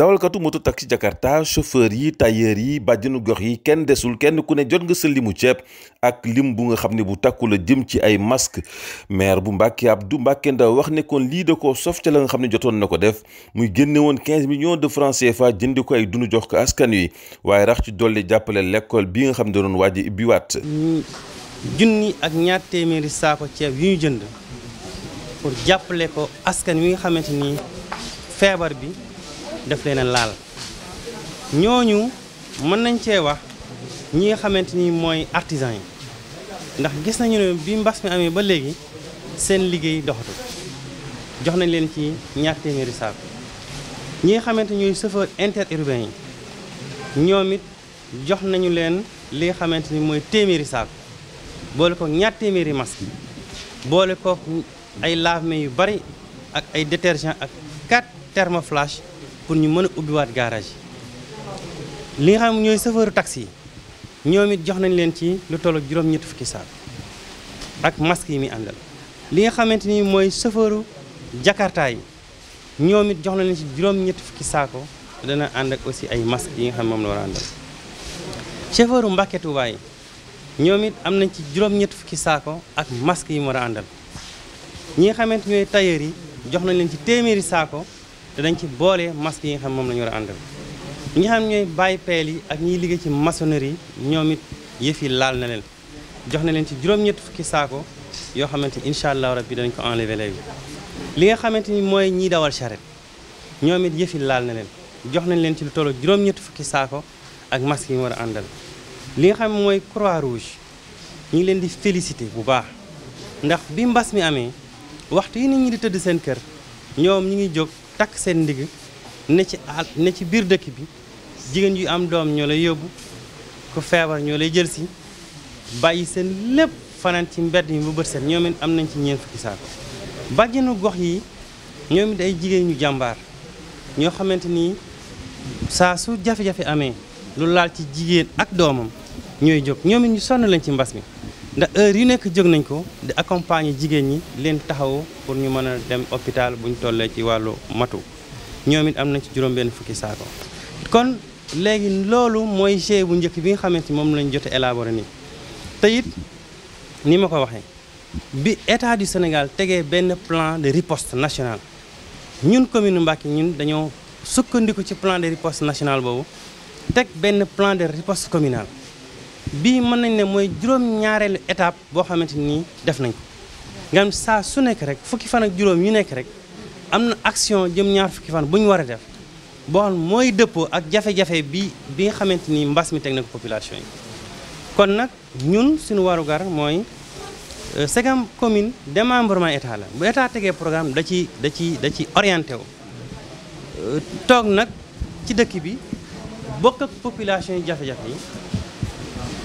dawalkatu moto taxi Jakarta chauffeur yi tailleur yi bàjjenu gox yi kenn desul kenn ku ne jot nga sa limu ceeb ak lim bu nga xam ne bu takku a jëm ci ay masque maire bu Mbàkke du Mbàkke Ndaw wax nekkoon lii de ko softe la nga xam ne jotoon na ko def muy génne woon 15 millions de francs CFA jëndi ko ay dund jox ko askan wi waaye rax ci dolli jàppale lekkool bi nga xam ne doon waaj a ubbiwaat. junni ak ñaar téeméeri saako ceeb yu ñu jënd pour jàppale ko askan wi nga xamante ni feebar bi. def leen a laal ñooñu mën nañ cee wax ñi nga xamante ni mooy artisan yi ndax gis nañu ne bi mbas mi amee ba léegi seen liggéey doxatul jox nañ leen ci ñaar téeméeri saako ñi nga xamante ñooy chauffeur interurbain yi ñoom it jox nañu leen li nga xamante ni mooy téeméeri saako boole ko ñaar téeméeri masque boole ko ay lave yu bari ak ay détergent ak 4 thermoflash pour ñu mën a ubbiwaat garage yi li nga xam ñooy chauffeur taxi yi ñoom it jox nañ leen ci lu tollu juróom-ñetti fukki saak ak masque yi muy àndal li nga xamante ni mooy chauffeur jakarta ñoom it jox nañ leen ci juróom fukki saako dana ànd ak aussi ay masque yi nga xam moom la war a àndal chauffeur Mbàkke Tuubaa yi ñoom it am nañ ci juróom-ñetti fukki saako ak masque yi mu war a àndal ñi nga ñooy tailleur yi jox nañ leen ci téeméeri saako danañ ci boole masque yi nga xam moom la ñu war a ñi nga xam ñooy bàyyi peel yi ak ñii liggéey ci maçonnerie yi ñoom it yëf laal na leen jox na leen ci juróom-ñett fukki saako yoo xamante ni incha allah bi danañ ko enlever léegi li nga xamante ni mooy ñiy dawal charrette ñoom it yëf laal na leen jox nañ leen ci lu tollu juróom-ñett fukki saako ak masque yi war a àndal li nga xam mooy croix rouge ñu ngi leen di félicité bu baax ndax bi mbas mi amee waxtu yi nit di tëdd seen kër ngi jóg takk seen ndigg ne ci àll ne ci biir dëkk bi jigéen yu am doom ñoo lay yóbbu ku feebar ñoo lay jël si bàyyi seen lépp fanaan ci mbedd mi bu bët seen ñoom am nañ ci ñeent fukki saako bàjjenu gox yi ñoom it ay jigéen ñu jàmbaar ñoo xamante ni saa su jafe-jafe amee lu laal ci jigéen ak doomam ñooy jóg ñoom ñu sonn lañ ci mbas mi ndax heure yu nekk jóg nañ ko di accompagner jigéen ñi leen taxaw pour ñu mën a dem hôpital bu ñu tollee ci wàllu matu ñoom it am nañ ci juróom-benn fukki saako. kon léegi loolu mooy G bu njëkk bi nga xamante moom lañ jot a élaboré nii te it ni ma ko waxee bi état du Sénégal tegee benn plan de riposte national ñun commune Mbacké ñun dañoo sukkandiku ci plan de riposte national boobu teg benn plan de riposte communal. bii mën nañ ne mooy juróom-ñaareelu étape boo xamante nii def nañ ko saa su nekk rek fukki fan ak juróom yu nekk rek am na action jëm ñaar fukki fan bu ñu war a def boo xam mooy dëppoo ak jafe bi bi nga xamante ni mbas mi teg na ko population yi kon nag ñun suñu warugar mooy euh, segam commune démembrement état la bu état tegee programme da ci da ci da ci orienté wu euh, toog nag ci dëkk bi bokk ak population yi jafe-jafe yi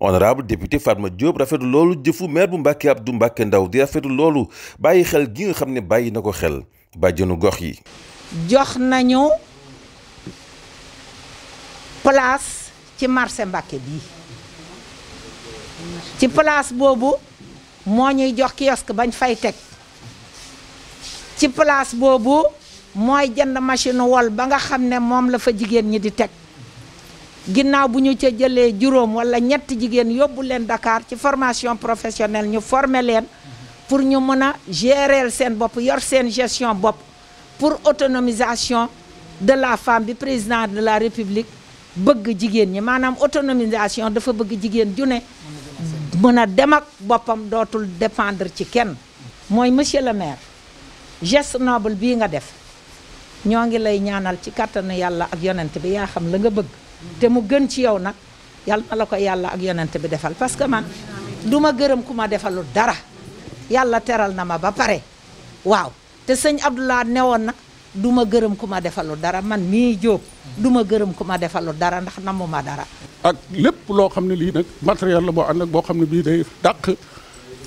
honorable député Fatma Diop rafetu loolu jëfu maire bu Mbàkke Abdou Mbàkke Ndaw di rafetu loolu bàyyi xel gi nga xam ne bàyyi na ko xel bàjjenu gox yi jox nañu place ci marché Mbàkke bi ci place boobu moo ñuy jox kiosque bañ fay teg ci place boobu mooy jënd machine wol ba nga xam ne moom la fa jigéen ñi di teg ginnaaw bu ñu ca jëlee juróom wala ñetti jigéen yóbbu leen Dakar ci formation professionnelle ñu former leen pour ñu mën a gérer seen bopp yor seen gestion bopp pour autonomisation de la femme bi président de la République bëgg jigéen ñi maanaam autonomisation dafa bëgg jigéen ju ne mën a dem ak boppam dootul dépendre ci kenn mooy monsieur le maire geste noble bii nga def ñoo ngi lay ñaanal ci kàttanu yàlla ak yonent bi yaa xam la nga bëgg te mu gën ci yow nag yal na la ko yàlla ak yonent bi defal parce que man du ma gërëm ku ma defalu dara yàlla teral na ma ba pare waaw te sëñ Abdoulaye woon na du ma gërëm ku ma defalu dara man mii jóob du ma gërëm ku ma defalu dara ndax namu ma dara. ak lépp loo xam ne lii nag matériel la boo ànd boo xam ne bii day dàq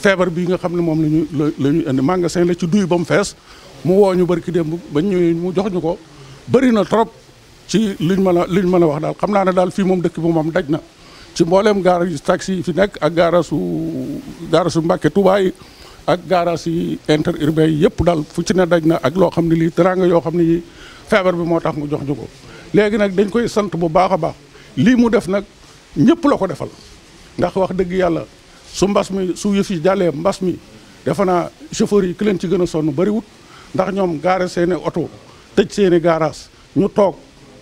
feebar bii nga xam ne moom la ñu la ñu indi magasin la ci duy ba mu fees mu woo ñu barki démb ba ñu mu jox ñu ko bëri trop. ci liñ mën a liñ mën a wax daal xam naa ne daal fii moom dëkk bi moom daj na ci mbooleem gaara yu taxi yi fi nekk ak gaara su gaara su Mbàkke Tuubaa ak gaara si inter urbain yi yëpp daal fu ci ne daj na ak loo xam ne lii teraanga yoo xam ni feebar bi moo tax mu jox ñu ko léegi nag dañ koy sant bu baax a baax lii mu def nag ñëpp la ko defal ndax wax dëgg yàlla su mbas mi su yëf yi jàllee mbas mi defe naa chauffeur yi ki leen ci gën a sonn bëriwut ndax ñoom gaare seeni oto tëj seeni gaaraas ñu toog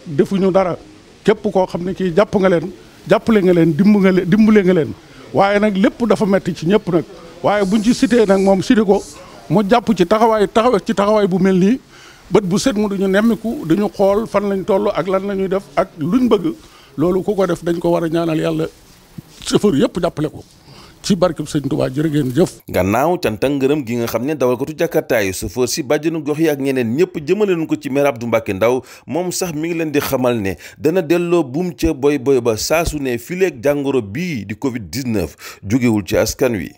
defuñu dara képp koo xam ne kii jàpp nga leen jàppale nga leen dimb nga leen dimbale nga leen waaye nag lépp dafa métti ci ñëpp nag waaye buñ ci cité nag moom cité ko mu jàpp ci taxawaay taxaw ci taxawaay bu mel nii bët bu set mu duñu nemmiku duñu xool fan lañ toll ak lan lañuy def ak luñ bëgg loolu ku ko def dañ ko war a ñaanal yàlla sëfër yépp jàppale ko ci barkeb sëñ Tuubaa jërë ngeen jëf gannaaw canta ngërëm gi nga xam ne dawalkatu jakartaa yi chauffeur si bàjjenu gox yi ak ñeneen ñëpp jëmale nañ ko ci merab Abdou Mbacke Ndaw moom sax mi ngi leen di xamal ne dana delloo buum ca boy boy ba saa su ne fileeg jàngoro bii di covid 19 jógewul ci askan wi